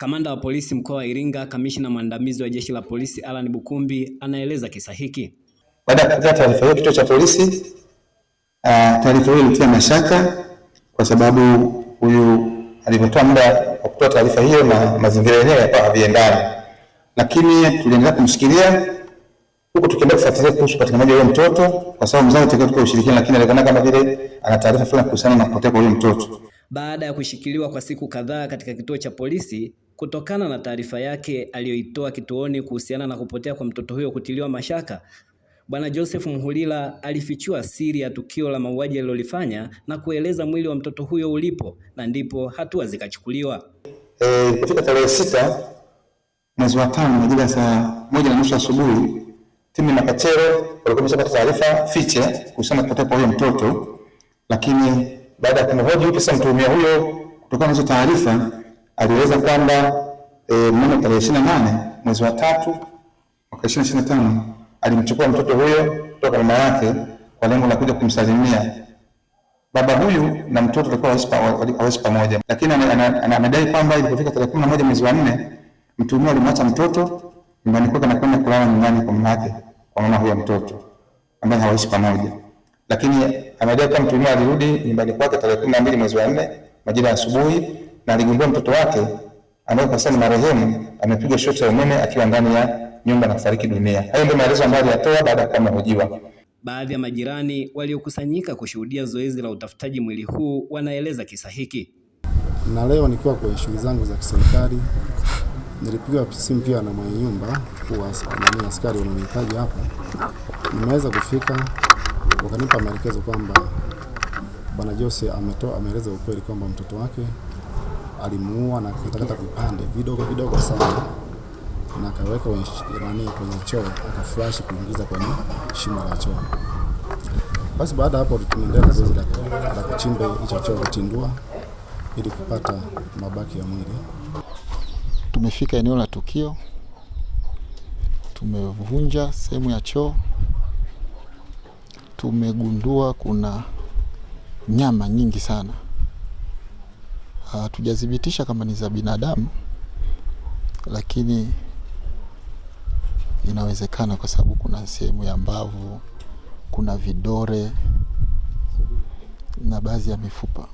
Kamanda wa polisi mkoa wa Iringa, kamishna mwandamizi wa jeshi la polisi Alan Bukumbi anaeleza kisa hiki. Baada ya kupata taarifa hiyo kituo cha polisi, uh, taarifa hiyo ilitia mashaka kwa sababu huyu alivyotoa muda wa kutoa taarifa hiyo na mazingira yenyewe yakawa haviendani, lakini tuliendelea kumshikilia huku tukiendelea kufuatilia kuhusu upatikanaji wa huyo mtoto, kwa sababu mzazi tukiwa tuko ushirikiana, lakini alionekana kama vile ana taarifa fulani kuhusiana na kupotea kwa huyo mtoto. Baada ya kushikiliwa kwa siku kadhaa katika kituo cha polisi, Kutokana na taarifa yake aliyoitoa kituoni kuhusiana na kupotea kwa mtoto huyo kutiliwa mashaka, Bwana Joseph Mhulila alifichua siri ya tukio la mauaji alilolifanya na kueleza mwili wa mtoto huyo ulipo, na ndipo hatua zikachukuliwa. Ilipofika e, kufika tarehe sita mwezi wa tano majira ya saa moja na nusu asubuhi, timu na walikuwa wameshapata taarifa fiche kuhusiana kupotea kwa huyo mtoto, lakini baada ya kumhoji sasa mtuhumiwa huyo kutokana na hizo taarifa alieleza kwamba e, mnamo tarehe ishirini na nane mwezi wa tatu mwaka ishirini na tano alimchukua mtoto huyo kutoka mama yake kwa lengo la kuja kumsalimia. Baba huyu na mtoto walikuwa hawaishi pamoja, lakini amedai kwamba ilipofika tarehe kumi na moja mwezi wa nne mtuhumiwa alimwacha mtoto nyumbani kwake na kwenda kulala nyumbani kwa mamake, kwa mama huyo mtoto ambaye hawaishi pamoja, lakini amedai kwamba mtuhumiwa alirudi nyumbani kwake tarehe kumi na mbili mwezi wa nne majira ya asubuhi na aligundua mtoto wake ambaye kwa sasa ni marehemu amepigwa shoti ya umeme akiwa ndani ya nyumba na kufariki dunia. Hayo ndio maelezo ambayo aliyatoa baada ya kuwa amehojiwa Baadhi ya majirani waliokusanyika kushuhudia zoezi la utafutaji mwili huu wanaeleza kisa hiki. Na leo nikiwa kwenye shughuli zangu za kiserikali nilipigwa simu pia na mwenye nyumba kuwa askari wananihitaji hapa, nimeweza kufika, wakanipa maelekezo kwamba bwana Jose ametoa ameeleza ukweli kwamba mtoto wake alimuua na katakata vipande vidogo vidogo sana na akaweka nani kwenye choo, akaflash kuingiza kwenye shimo la choo. Basi baada hapo tunaendelea na zoezi la kuchimba hicho choo, kutindua ili kupata mabaki ya mwili. Tumefika eneo la tukio, tumevunja sehemu ya choo, tumegundua kuna nyama nyingi sana hatujathibitisha ah, kama ni za binadamu, lakini inawezekana kwa sababu kuna sehemu ya mbavu, kuna vidore na baadhi ya mifupa.